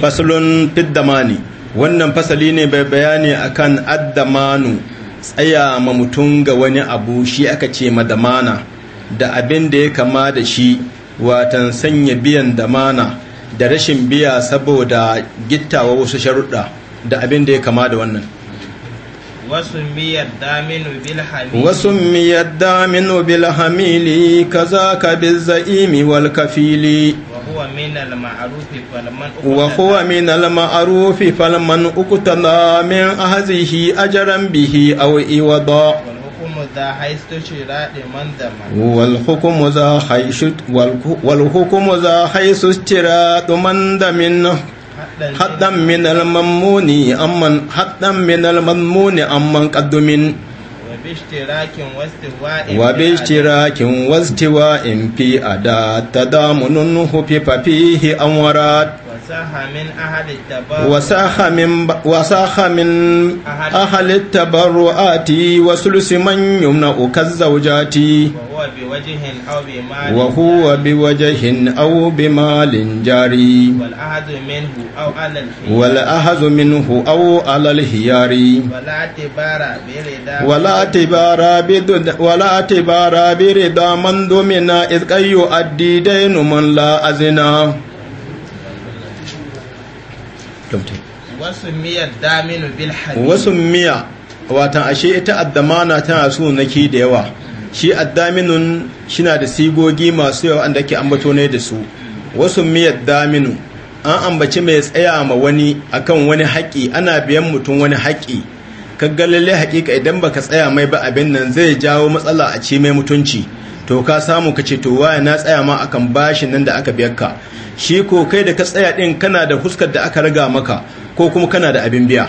fasulun fiddamani wannan fasali ne bai bayani akan addamanu tsaya ma mutum ga wani abu shi aka ce madamana da abin da ya kama da shi watan sanya biyan damana da rashin biya saboda gittawa wasu sharuɗa da abin da ya kama da wannan وسمي الدامن بالحميل كذاك بالزئيم والكفيل وهو من المعروف فلمن اقتنى من هذه اجرا به او إوضا والحكم ذا حيث اشتراط من ذا منه haddan min al-mammuni amman haddan min al-mammuni amman qaddumin wa bi ishtirakin wastiwa in fi ada tadamunun hu fi papihi anwarat Wasaha min aha littattafan ru'aati wa sulhu mun yi na uku zau jaati. Wahu waɓe wajahin awɓe malin jari. Wal'adunan hu awu hu awu alalci yari. Wala ati bara biyar da man domin iska yau addidai noman la'azina. wasu miya watan ashe ita addamana tana su naki da yawa shi addaminun shina da sigogi masu yawa da ke ambato ne da su wasu miyar daminu an ambaci mai tsaya ma wani akan wani haƙi ana biyan mutum wani haƙi kaggalalle haƙiƙa idan baka tsaya mai ba abin nan zai jawo matsala a ci mai mutunci to ka samu ka ce to waye na tsaya ma akan bashin nan da aka biyar ka shi ko kai da ka tsaya din kana da huskar da aka raga maka ko kuma kana da abin biya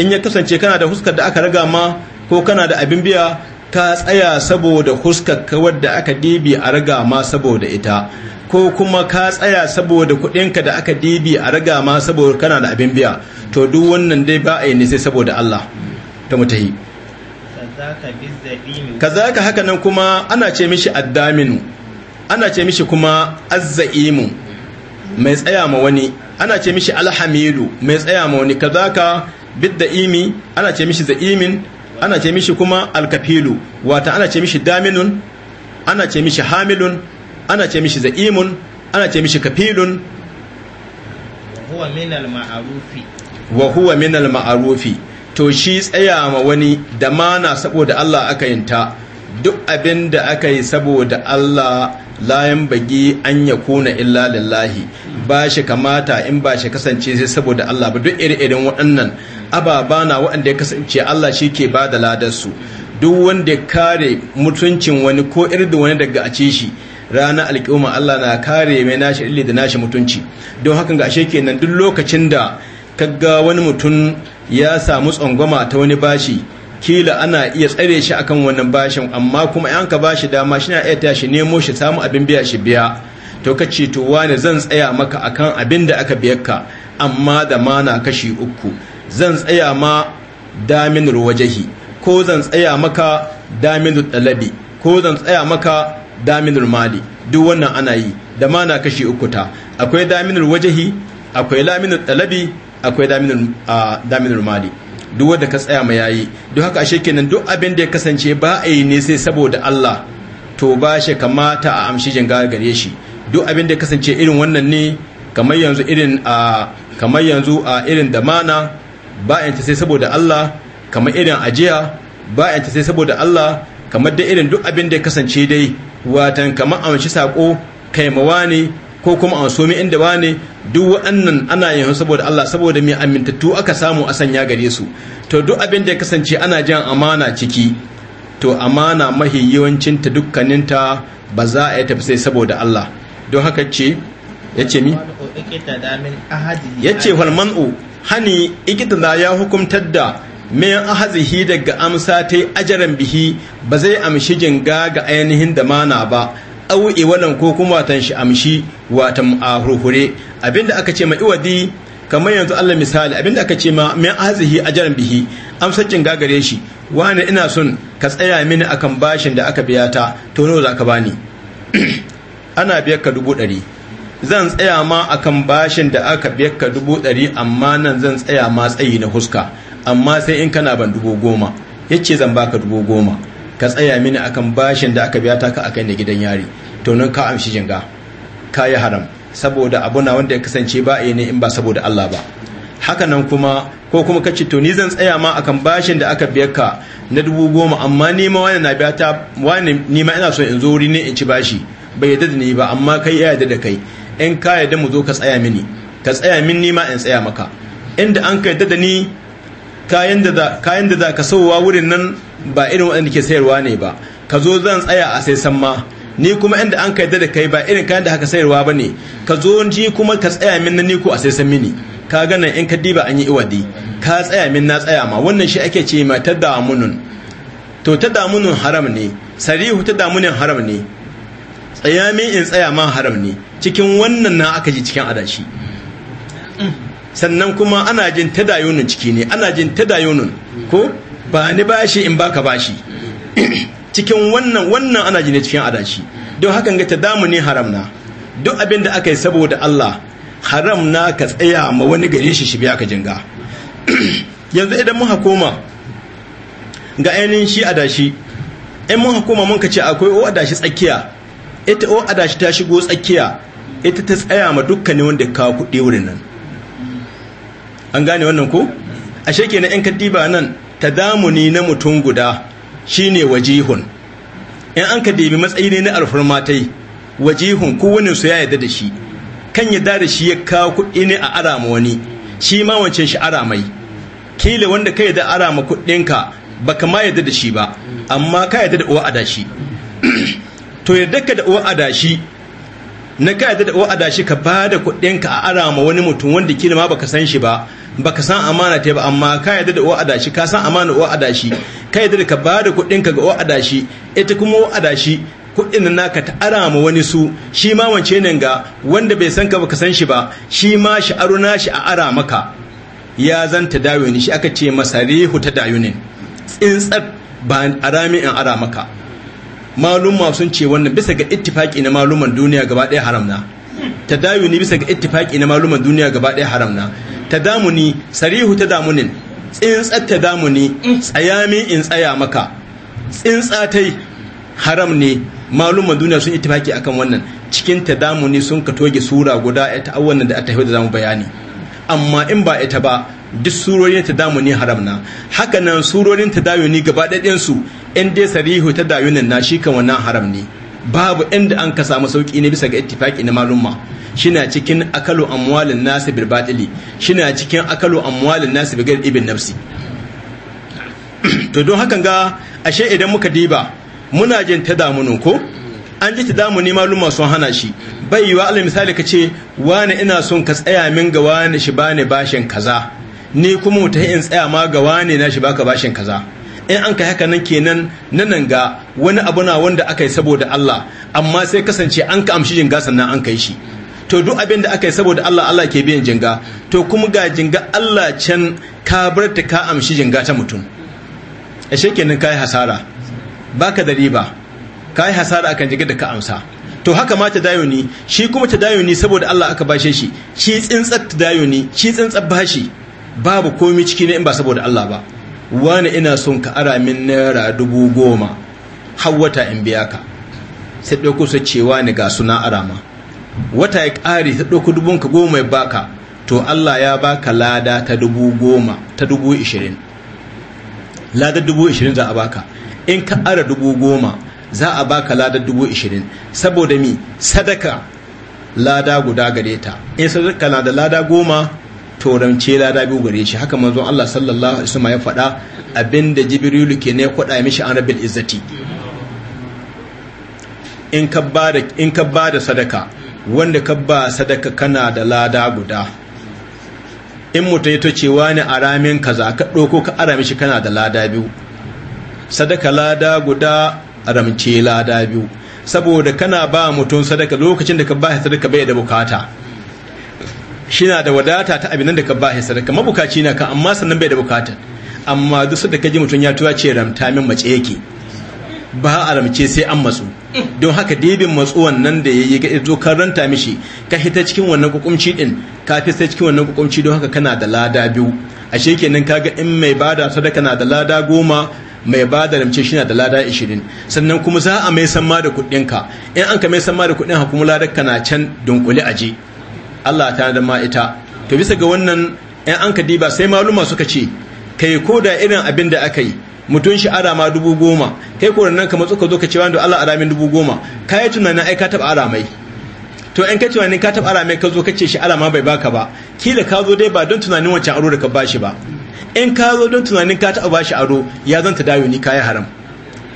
in ya kasance kana da huskar da aka raga ma ko kana da abin biya ka tsaya saboda huskar ka wadda aka dibi a raga ma saboda ita ko kuma ka tsaya saboda kuɗinka da aka dibi a raga ma saboda kana da abin biya to duk wannan dai ba a yi ne sai saboda Allah ta mutahi kazaka haka nan kuma ana ce mishi addaminu ana ce mishi kuma azza'imu mai tsaya ma wani ana ce mishi alhamilu mai tsaya ma wani kazaka bidda'imi ana ce mishi za'imin ana ce mishi kuma alkafilu wata ana ce mishi daminun ana ce mishi hamilun ana ce mishi za'imun ana ce mishi kafilun wa huwa min al to shi tsaya ma wani da mana saboda Allah aka yin ta duk abin da aka yi saboda Allah layan bagi an ya kuna illa lillahi ba shi kamata in ba shi kasance sai saboda Allah ba duk iri-irin waɗannan ababa na waɗanda ya kasance Allah shi ke ba da ladarsu duk wanda kare mutuncin wani ko irin da wani daga a ce shi rana alƙiwama Allah na kare mai nashi illi da nashi mutunci don hakan ga shi kenan duk lokacin da kaga wani mutum ya samu tsangwama ta wani bashi kila ana iya tsare shi akan wannan bashin amma kuma yan ka bashi dama shi na iya tashi nemo shi samu abin biya shi biya to ka ce to wani zan tsaya maka akan abin da aka biya ka amma da mana kashi uku zan tsaya ma damin ruwajahi ko zan tsaya maka damin dalabi ko zan tsaya maka damin mali duk wannan ana yi da mana kashi uku ta akwai damin wajahi akwai lamin dalabi akwai daminar mali duk wanda ka tsaya mai yayi duk haka ashe kenan duk abin da ya kasance ba a yi ne sai saboda Allah to ba shi kamata a amshi jinga gare shi duk abin da ya kasance irin wannan ne kamar yanzu irin a kamar yanzu a irin damana ba yanta sai saboda Allah kamar irin ajiya ba yanta sai saboda Allah kamar da irin duk abin da ya kasance dai watan kamar amshi sako kai mawa ne ko kuma an somi inda wane duk wa'annan ana yin saboda Allah saboda mai amintattu aka samu a sanya gare su to duk abin da ya kasance ana jan amana ciki to amana mahi yawancin ta dukkaninta ba za a yi saboda Allah don haka ce ya ce mi ya ce walman'u hani ikitala ya hukumtar da mayan ahazihi daga amsa ta ajaran bihi ba zai amshi jinga ga ainihin da mana ba au wannan ko kuma watan shi amshi watan ahurhure abinda aka ce ma iwadi kamar yanzu Allah misali abinda aka ce ma min azihi ajran bihi amsakin gagare shi wani ina son ka tsaya mini akan bashin da aka biya ta to nawa zaka bani ana biyar ka dubu ɗari zan tsaya ma akan bashin da aka biyar ka dubu ɗari amma nan zan tsaya ma tsayi na huska amma sai in kana ban dubu goma yace zan baka dubu goma ka tsaya mini akan bashin da aka biya ta ka akai ne gidan yari to nan ka amshi jinga ka yi haram saboda abuna wanda ya kasance ba a ne in ba saboda Allah ba haka nan kuma ko kuma ka ce to ni zan tsaya ma akan bashin da aka biya ka na dubu goma amma ni ma wani na biya ta wani ni ma ina so in zo wuri ne in ci bashi bai yadda da ni ba amma kai ya yadda da kai in ka yadda mu zo ka tsaya mini ka tsaya min ni ma in tsaya maka inda an ka yadda da ni kayan da za ka sauwa wurin nan ba irin waɗanda ke sayarwa ne ba ka zo zan tsaya a sai ma ni kuma inda an kai da kai ba irin kayan da haka sayarwa ba ne ka zo ji kuma ka tsaya min na ni ko a sai san mini ka nan in ka diba an yi iwadi ka tsaya min na tsaya ma wannan shi ake ce ma ta damunun to ta damunun haram ne sarihu ta damunin haram ne tsaya min in tsaya ma haram ne cikin wannan na aka ji cikin adashi sannan kuma ana jin ta ciki ne ana jin ta dayunun ko ba ni bashi in baka bashi cikin wannan wannan ana jine cikin adashi don hakan ga damu ne haram na duk abin da aka yi saboda Allah haram na ka tsaya ma wani gare shi shi biya ka jinga yanzu idan muka koma ga ainihin shi adashi in muka koma mun ka ce akwai o adashi tsakiya ita o adashi ta shigo tsakiya ita ta tsaya ma dukkanin wanda kawo kuɗi wurin nan an gane wannan ko ashe kenan in ka diba nan tadamuni na mutum guda shine wajihun in an ka dabi matsayi ne na alfarmatai wajihun kowane su ya yarda da shi kan yarda da shi ya kawo kuɗi ne a arama wani shi ma wancan shi aramai kila wanda ka yarda arama kuɗinka ba ka ma yarda da shi ba amma ka yarda da uwa adashi to yarda ka da uwa adashi na ka yadda da o ka bada da kuɗinka a arama wani mutum wanda kila ma baka san shi ba baka san amana ta ba amma ka yadda da o adashi ka san amana o adashi ka yadda da ka bada kuɗinka ga o adashi ita kuma o adashi kuɗin naka ta arama wani su shi ma wance nan ga wanda bai san ka baka san shi ba shi ma shi aruna shi a ara maka ya zanta ne shi aka ce masarihu ta dayunin tsintsar ba arami in ara maka maluma sun ce wannan bisa ga ittifaki na maluman duniya gaba ɗaya haram na tadayuni bisa ga ittifaki na maluman duniya gaba ɗaya haram na tadamuni sarihu tadamunin tsintsar tadamuni tsayami in tsaya maka tsintsatai haram ne maluman duniya sun ittifaki akan wannan cikin tadamuni sun ka toge sura guda ita awannan da ta da zamu bayani amma in ba ita ba duk surorin ne haram na haka nan surorin ne gaba ɗaɗin su in dai sarihu ta nan na shi kan wannan haram ne babu inda an ka samu sauki ne bisa ga ittifaki na malumma shina cikin akalu amwalin nasu bil batili shina cikin akalu amwalin nasu bil ibn nafsi to don hakan ga ashe idan muka diba muna jin ta ne ko an ji ne malumma sun hana shi bai yiwa alal misali ka ce wani ina son ka tsaya min ga wani shi bani bashin kaza ni kuma mu in tsaya ma gawa ne na shi baka bashin kaza in an kai haka nan kenan nan ga wani abu na wanda aka yi saboda Allah amma sai kasance an ka amshi jinga sannan an kai shi to duk abin da aka yi saboda Allah Allah ke biyan jinga to kuma ga jinga Allah can ka bar ta ka amshi jinga ta mutum ashe kenan kai hasara baka da riba kai hasara akan jinga da ka amsa to haka ma ta ni shi kuma ta ni saboda Allah aka bashe shi shi ta tadayuni shi tsintsa bashi babu komi ciki ne in ba saboda Allah ba wani ina son ka ara min naira dubu goma har wata in biya ka sai ɗauko su cewa ni ga suna arama wata ya ƙari ta ɗauko dubun ka goma ya baka to Allah ya baka lada ta dubu goma ta dubu ishirin lada dubu ishirin za a baka in ka ara dubu goma za a baka lada dubu ishirin saboda mi sadaka lada guda gare ta in sadaka na da lada goma torance lada biyu gare shi haka manzon Allah sallallahu alaihi wasallam ya faɗa abinda jibrilu ke ne kwaɗa mishi an rabbil izzati in ka bada in ka bada sadaka wanda ka ba sadaka kana da lada guda in mutum ya cewa wani aramin kaza ka ɗauko ka ara mishi kana da lada biyu sadaka lada guda ramce lada biyu saboda kana ba mutum sadaka lokacin da ka ba sadaka bai da bukata shi na da wadata ta abin da ka ba sadaka mabukaci na ka amma sannan bai da bukata amma duk da ka ji mutum ya tuwa ce ramta min mace yake ba a ramce sai an matsu don haka dibin matsuwan nan da ya yayi ga zo kan ranta mishi ka hita cikin wannan kukumci din ka fi sai cikin wannan kukumci don haka kana da lada biyu ashe kenan kaga in mai bada sadaka na da lada goma mai ba da ramce shi na da lada 20 sannan kuma za a mai sama da kuɗinka in an ka mai sama da kuɗin kuma ladar ka na can dunkule aje Allah ta da ma ita to bisa ga wannan ɗan an kadiba sai maluma suka ce kai ko da irin abin da aka yi mutum shi arama dubu goma kai ko nan kamar tsuka zo ka ce wanda Allah aramin dubu goma ka yi tunanin ai ka taɓa aramai to in ka tunanin ka taɓa aramai ka zo ka ce shi arama bai baka ba kila ka zo dai ba don tunanin wancan aro da ka bashi ba in ka zo don tunanin ka taɓa bashi aro ya zanta dayo ni kaya haram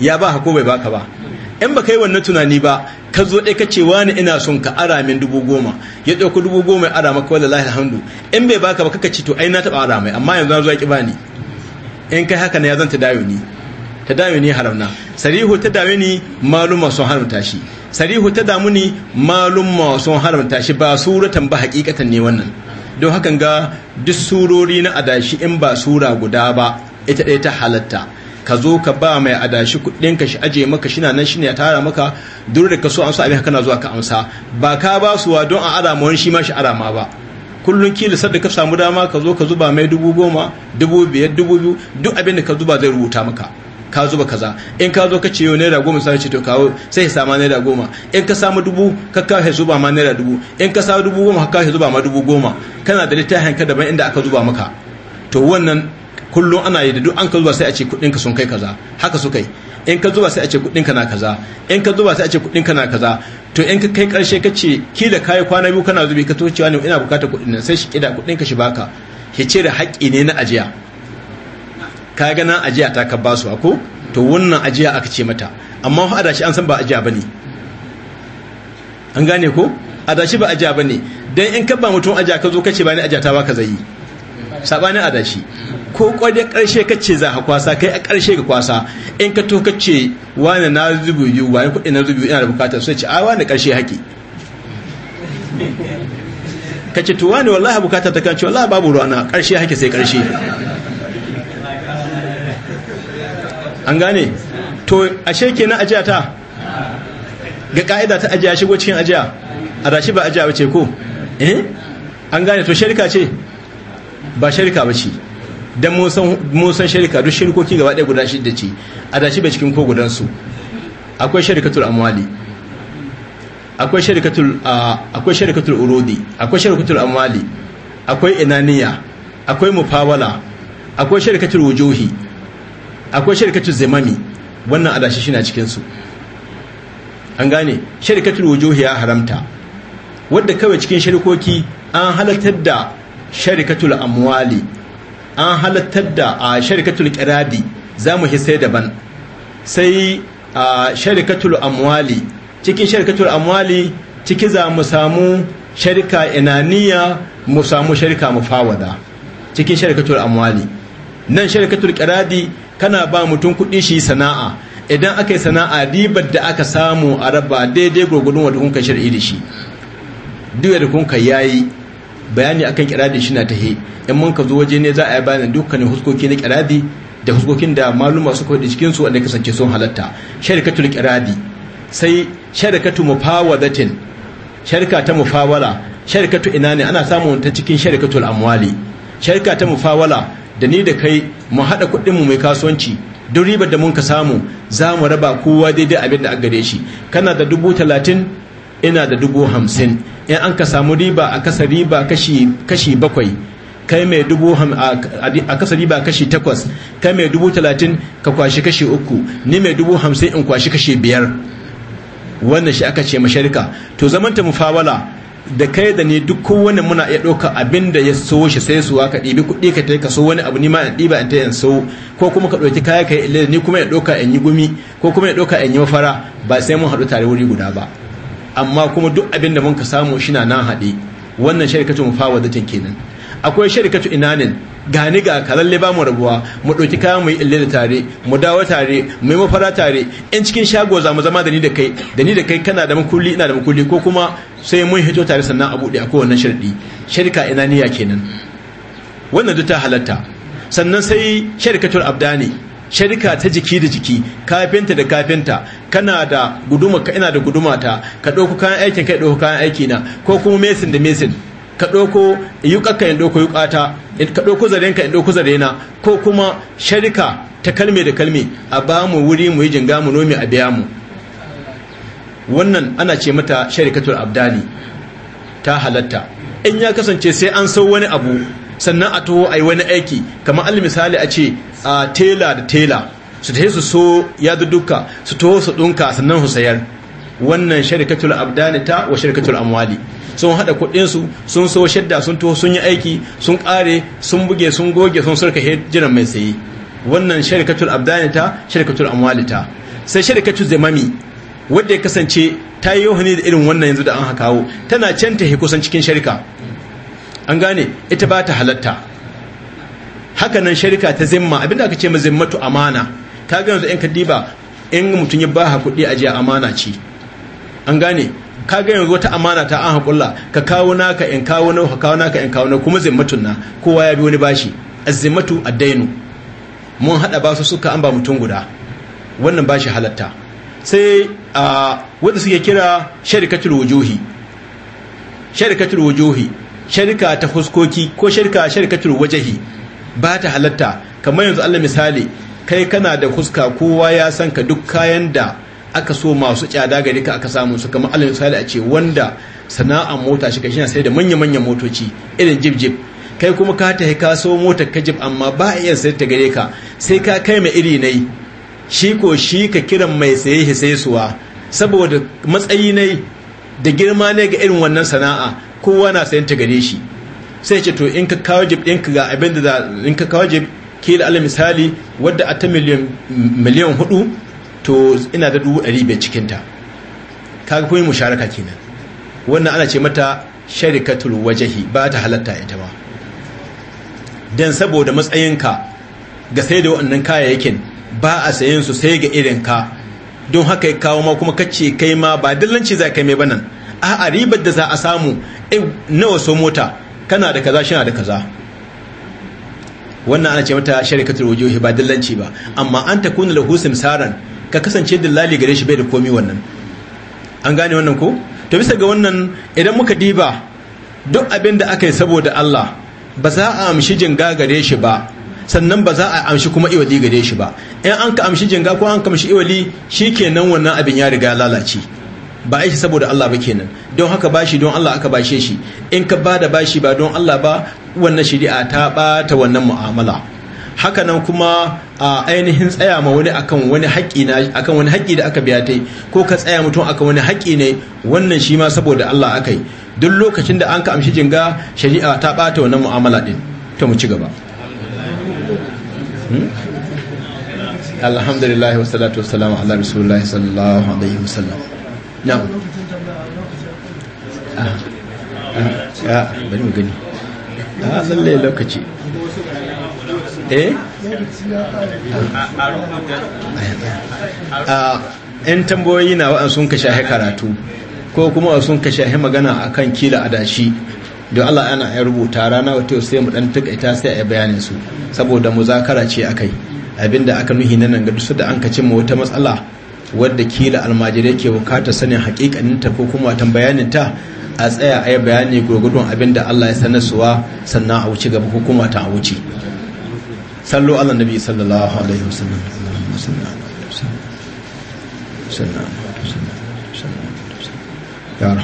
ya ba hako bai baka ba in ba ka yi wannan tunani ba ka zo ɗai ka ce wani ina son ka ara min dubu goma ya ɗauki dubu goma ya ara maka wala lahi alhamdu in bai baka ba kaka ce to ai na taɓa ara mai amma yanzu na zo ya ƙi ni in kai haka ne ya zanta dayo ni ta dawo ni haramna sarihu ta dame ni maluma sun haramta shi sarihu ta damu ni maluma sun haramta shi ba suratan ba hakikatan ne wannan don hakan ga duk surori na adashi in ba sura guda ba ita ɗaya ta halatta ka zo ka ba mai adashi kuɗin ka shi aje maka shi nan shi ne ya tara maka duk da ka so amsa abin kana zuwa ka amsa ba ka ba su wa don a arama wani shi ma shi arama ba kullum kila sadda ka samu dama ka zo ka zuba mai dubu goma dubu biyar dubu biyu duk abin da ka zuba zai rubuta maka ka zuba kaza in ka zo ka ce yau naira goma sai ce to kawo sai ya samu naira goma in ka samu dubu ka kawo zuba ma naira dubu in ka samu dubu goma ka kawo zuba ma dubu goma kana da littafin ka daban inda aka zuba maka to wannan kullum ana yi da duk an ka zuba sai a ce kudinka sun kai kaza haka su yi in ka zuba sai a ce kudinka na kaza in ka zuba sai a ce kudinka na kaza to in ka kai karshe ka ce ki da kayi kwana biyu kana zubi ka tocewa ne ina bukatar kudin nan sai shi kida kudinka shi baka ki ce da haƙƙi ne na ajiya ka ga nan ajiya ta ka basu ko to wannan ajiya aka ce mata amma fa adashi an san ba ajiya bane an gane ko adashi ba ajiya bane dan in ka ba mutum ajiya ka zo ka ce ba ni ajiya ta baka zai sabani adashi ko kwadai karshe ce za ka kwasa kai a karshe ka kwasa in ka to ka ce wani na zubu biyu wani kuɗi na zubu biyu ina da bukata sai ce a wani karshe haƙi ce to wani wallahi bukata ta kan ce wallahi babu ruwa na karshe haƙi sai karshe an gane to ashe kenan ajiya ta ga ka'ida ta ajiya shigo cikin ajiya a rashi ba ajiya ce ko eh an gane to shirka ce ba shirka ce dan mun san shirka duk shirkoki gaba ɗaya guda shidda ce a dashi bai cikin ko gudansu akwai shirkatul amwali akwai shirkatul akwai shirkatul urudi akwai shirkatul amwali akwai inaniya akwai mufawala akwai shirkatul wujuhi akwai shirkatul zimami wannan adashi shi na cikin su an gane shirkatul wujuhi ya haramta wadda kawai cikin shirkoki an halatar da shirkatul amwali an halittar da a sharikatul kiradi za mu sai daban sai a sharikatul amwali cikin sharikatul amwali ciki za mu samu sharika inaniya mu samu sharika mufawada cikin sharikatul amwali nan sharikatul kiradi kana ba mutum kuɗi shi sana'a idan aka yi sana'a ribar da aka samu a raba daidai gurgudun wadda kun ka da shi duk da kun ka yayi bayani akan kiradi shi na tahe in mun ka zo waje ne za a yi bayanin dukkanin huskoki na kiradi da huskokin da maluma suka da cikin su wanda kasance sun halatta sharikatul kiradi sai sharikatu mufawadatin sharika ta mufawala sharikatu ina ne ana samun ta cikin sharikatul amwali sharika ta mufawala da ni da kai mu haɗa kuɗin mu mai kasuwanci duk riba da mun ka samu za mu raba kowa daidai abin da a gare shi kana da dubu talatin ina da dubu hamsin in an ka samu riba a kasa riba kashi bakwai kai mai dubu a kasa riba kashi takwas kai mai dubu talatin ka kwashi kashi uku ni mai dubu hamsin in kwashi kashi biyar wannan shi aka ce masharika to zamanta mufawala da kai da ni duk kowane muna iya ɗauka abin da ya so shi sai su ka ɗibi kuɗi ka ta kaso wani abu nima in ɗiba in ta yin so ko kuma ka ɗauki kaya ka yi ni kuma ya ɗauka in yi gumi ko kuma ya ɗauka in yi mafara ba sai mun haɗu tare wuri guda ba amma kuma duk abin da mun ka samu shi na nan haɗe wannan sharikatu mufawadatin kenan akwai ina ne. gani ga kalalle ba mu rabuwa mu ɗauki kaya mu yi ille da tare mu dawo tare mu yi mafara tare in cikin shago za mu zama da ni da kai da ni da kai kana da makulli ina da makulli ko kuma sai mun hito tare sannan a buɗe akwai wannan ina sharika inaniya kenan wannan duk ta halatta sannan sai shirkatu abdani sharika ta jiki da jiki kafinta da kafinta kana da guduma ka ina da guduma ta ka ɗauko kayan aikin ka ɗauko kayan aiki na ko kuma mesin da mesin ka ɗauko yuƙaƙa in ɗauko yuƙata ka ɗauko ka in ɗauko zarena ko kuma sharika ta kalme da kalme a ba mu wuri mu yi jinga mu nomi a biya mu wannan ana ce mata sharikatul abdali ta halatta in ya kasance sai an sau wani abu sannan a taho a yi wani aiki kamar al misali a ce a tela da tela su tahe su so ya duka su taho su ɗunka sannan su sayar wannan shirkatul abdani ta wa shirkatul amwali sun haɗa kuɗinsu sun so shadda sun taho sun yi aiki sun kare sun buge sun goge sun surka jiran mai saye wannan shirkatul abdani ta shirkatul amwali ta sai shirkatul zamami wanda ya kasance ta yi yohani da irin wannan yanzu da an hakawo tana canta ta kusan cikin shirka. an gane ita ba ta halatta hakanan sharika ta zimma abinda aka ce ma zimmatu amana ka ga yanzu in ka diba in mutum ya ba kuɗi a jiya amana ce an gane ka ga yanzu wata amana ta an haƙulla ka kawo naka in kawo na ka kawo naka in kawo na kuma zimmatun na kowa ya bi wani bashi azzimmatu addainu mun hada basu suka an ba mutum guda wannan bashi halatta sai a ah, wanda suke kira sharikatul wujuhi sharikatul wujuhi shirka ta huskoki ko shirka shirkatul wajahi ba ta halatta kamar yanzu Allah misali kai kana da huska kowa ya san ka duk kayan da aka so masu tsada gari ka aka samu su kamar Allah misali a ce wanda sana'a mota shi na sai da manya manyan motoci irin jib jib kai kuma ka ta ka so motar ka jib amma ba a iya sayar ta gare ka sai ka kai mai iri nai shi ko shi ka kiran mai saye hisaisuwa sai saboda matsayi nai da girma ne ga irin wannan sana'a kowa na sayan ta gare shi sai ce to in ka kawo jib ɗinka ga abin da za in ka kawo jib kila ala misali wadda a ta miliyan hudu to ina da dubu ɗari biyar cikinta kaga kuma musharaka kenan wannan ana ce mata sharikatul wajahi ba ta halatta ita ba dan saboda matsayinka ga sai da wannan kayayyakin ba a sayan su sai ga irin ka don haka ya kawo ma kuma kace kai ma ba dillanci za kai mai banan nan a ribar da za a samu Eh, nawa so mota kana da kaza shi da kaza wannan ana ce mata sharikatul wujuhi ba dillanci ba amma an takuna lahu simsaran ka kasance dillali gare shi bai da komi wannan an gane wannan ko to bisa ga wannan idan muka diba duk abin da aka yi saboda Allah ba za a amshi jinga gare shi ba sannan ba za a amshi kuma iwali gare shi ba in an ka amshi jinga ko an ka amshi iwali shikenan wannan abin ya riga lalace ba a shi saboda Allah ba kenan don haka bashi don Allah aka bashe shi in ka ba da bashi ba don Allah ba wannan shari'a ta bata wannan mu'amala haka nan kuma a ainihin tsaya ma wani akan wani haƙƙi na akan wani haƙƙi da aka biya tai ko ka tsaya mutum akan wani haƙƙi ne wannan shi ma saboda Allah akai duk lokacin da an ka amshi jinga shari'a ta bata wannan mu'amala din to mu ci gaba hmm? alhamdulillah wa wassalamu ala rasulillah sallallahu alaihi wasallam na'am a ah, ah, ah, bari mu gani lallai lokaci eh? yan tambayoyi na wa'an sun kashe karatu ko kuma sun kashe magana akan kila adashi don Allah ana ya rubuta rana wata sai mu tuka ita sai a bayanin su saboda muzakara ce akai abinda aka nuhi na nan ga duk da an kace mu wata matsala wadda kila almajirai ke bukatar sanin ta ko kuma watan ta a tsaya a yi bayani gurgudun abin da Allah ya suwa sannan a wuce gaba ko kuma a wuce sallu ala nabi sallallahu alaihi wasallam ya